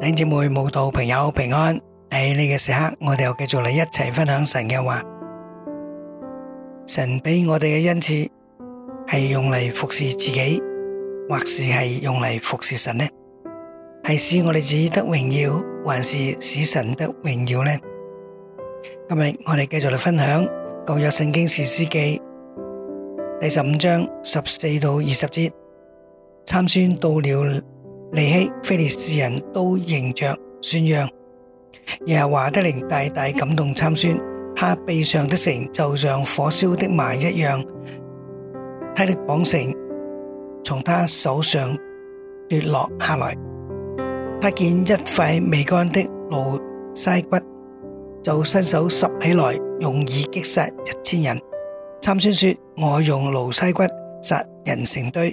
弟兄姊妹、信徒朋友平安！喺呢個時刻，我哋又繼續嚟一齊分享神嘅話。神俾我哋嘅恩賜，係用嚟服侍自己，或是係用嚟服侍神呢？係使我哋自己得榮耀，還是使神得榮耀呢？今日我哋繼續嚟分享舊約聖經士師記第十五章十四到二十節。參孫到了。利希非利士人都迎着喧嚷，耶和華的靈大大感動參孫，他臂上的繩就像火燒的麻一樣，他的綁繩從他手上跌落下來，他見一塊未乾的驢腮骨，就伸手拾起來，用以擊殺一千人。參孫說，我用驢腮骨殺人成堆。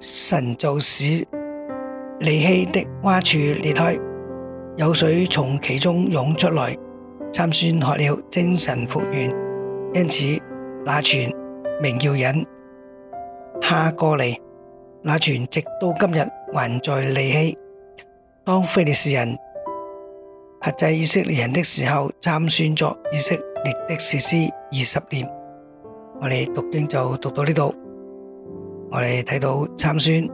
神就使利希的窪處裂開，有水從其中湧出來，參孫喝了，精神復原，因此那泉名叫隱哈歌利，那泉直到今日還在利希。當非利士人轄制以色列人的時候，參孫作以色列的士師二十年。我哋讀經就讀到呢度。我哋睇到參孫，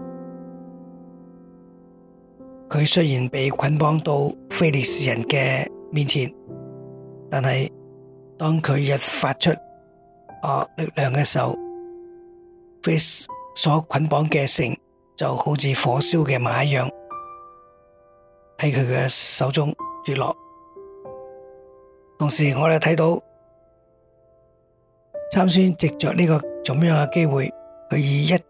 佢雖然被捆綁到非利士人嘅面前，但係當佢一發出啊力量嘅時候，非利士所捆綁嘅繩就好似火燒嘅麻一樣喺佢嘅手中脫落。同時我們看到，我哋睇到參孫藉着呢個咁樣嘅機會，佢以一。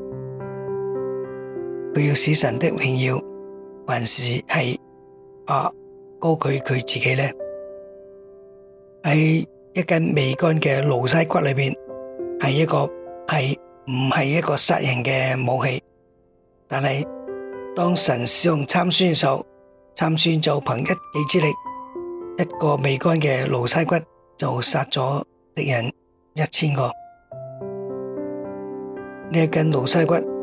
佢要使神的榮耀，還是係啊，高舉佢自己咧？喺一根未乾嘅驢腮骨裏邊，係一個係唔係一個殺人嘅武器？但係當神使用參孫嘅時候，參孫就憑一己之力，一個未乾嘅驢腮骨就殺咗敵人一千個。呢一根驢腮骨。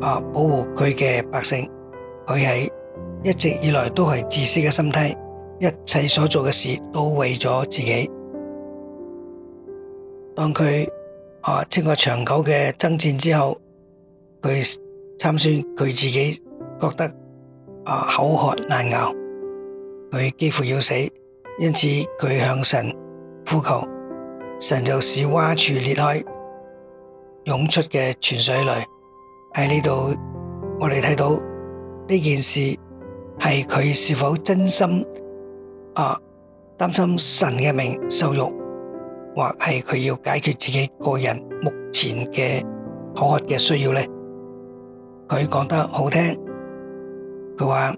啊！保護佢嘅百姓，佢係一直以來都係自私嘅心態，一切所做嘅事都為咗自己。當佢啊經過長久嘅征戰之後，佢參孫佢自己覺得啊口渴難熬，佢幾乎要死，因此佢向神呼求，神就使窪處裂開，湧出嘅泉水來。喺呢度，我哋睇到呢件事係佢是否真心啊擔心神嘅名受辱，或係佢要解決自己個人目前嘅口渴嘅需要咧？佢講得好聽，佢話：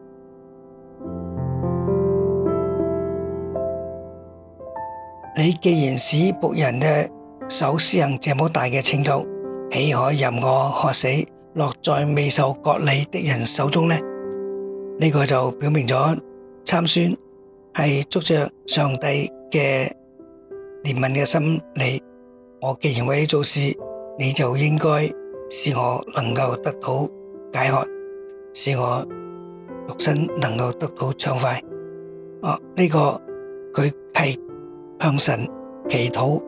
你既然使僕人嘅手施行這麼大嘅拯救，豈可任我渴死？落在未受割禮的人手中呢？呢個就表明咗參孫係捉着上帝嘅憐憫嘅心理。我既然為你做事，你就應該使我能夠得到解渴，使我肉身能夠得到暢快。哦，呢個佢係向神祈禱，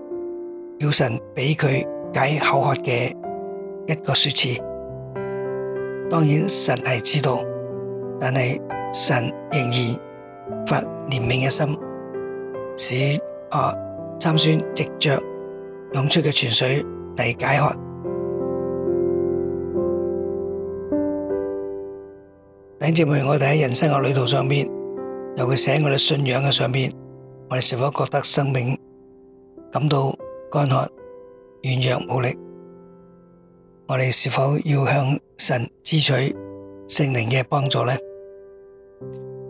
要神俾佢解口渴嘅一個說辭。當然神係知道，但係神仍然發憐憫嘅心，使啊參孫直著湧出嘅泉水嚟解渴。等接住我哋喺人生嘅旅途上面，尤其寫喺我哋信仰嘅上面，我哋是否覺得生命感到乾涸、軟弱無力？我哋是否要向神支取聖靈嘅幫助咧？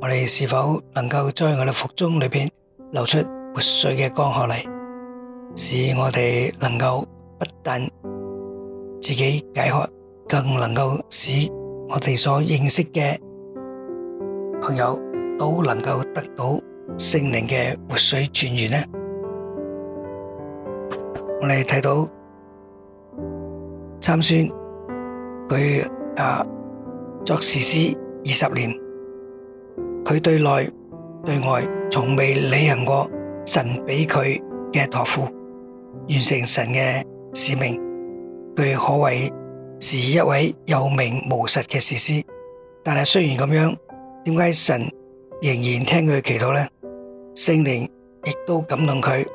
我哋是否能夠在我哋腹中裏面流出活水嘅江河嚟，使我哋能夠不但自己解渴，更能夠使我哋所認識嘅朋友都能夠得到聖靈嘅活水泉源咧？我哋睇到。參孫，佢啊作士師二十年，佢對內對外從未履行過神俾佢嘅託付，完成神嘅使命。佢可謂是一位有名無實嘅士師。但係雖然咁樣，點解神仍然聽佢祈禱呢？聖靈亦都感動佢，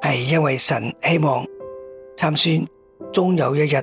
係因為神希望參孫終有一日。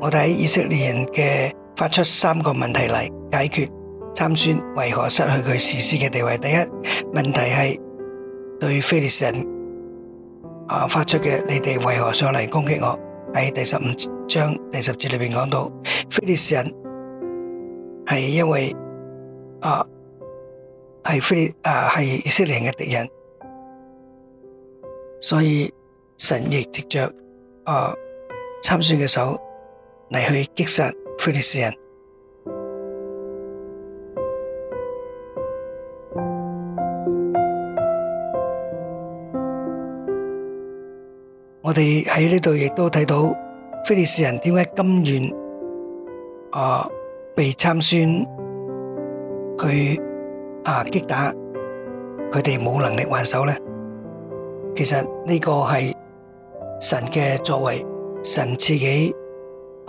我哋以色列人嘅發出三個問題嚟解決參孫，為何失去佢士師嘅地位？第一問題係對非利士人啊發出嘅，你哋為何上嚟攻擊我？喺第十五章第十節裏邊講到，非利士人係因為啊係非利啊係以色列嘅敵人，所以神亦借著啊參孫嘅手。嚟去擊殺非利士人。我哋喺呢度亦都睇到非利士人點解甘願啊被參孫去啊擊打，佢哋冇能力還手呢。其實呢個係神嘅作為，神自己。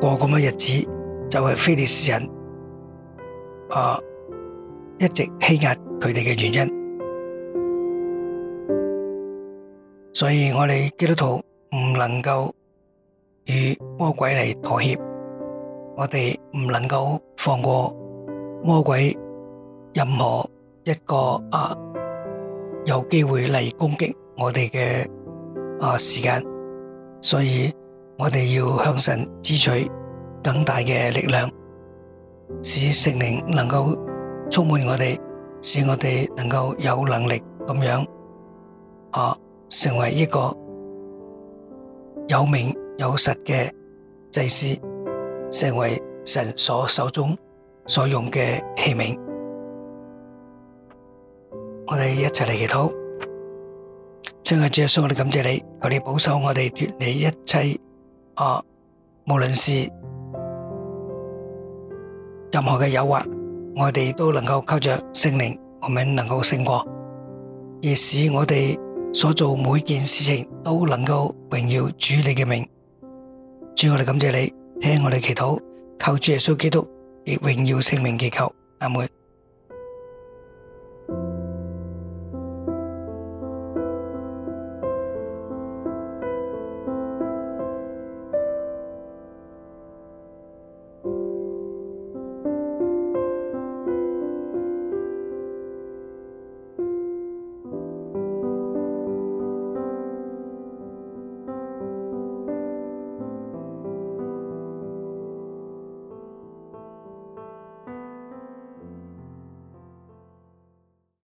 過咁嘅日子就係非利士人啊一直欺壓佢哋嘅原因，所以我哋基督徒唔能夠與魔鬼嚟妥協，我哋唔能夠放過魔鬼任何一個啊有機會嚟攻擊我哋嘅啊時間，所以。我哋要向神汲取更大嘅力量，使聖靈能夠充滿我哋，使我哋能夠有能力咁樣啊，成為一個有名有實嘅祭司，成為神所手中所用嘅器皿。我哋一齊嚟祈禱，親愛嘅主耶穌，我哋感謝你，求你保守我哋脫離一切。啊！無論是任何嘅誘惑，我哋都能夠靠着聖靈，我哋能夠勝過，也使我哋所做每件事情都能夠榮耀主你嘅名。主，我哋感謝你，聽我哋祈禱，靠主耶穌基督亦榮耀聖名祈求，阿門。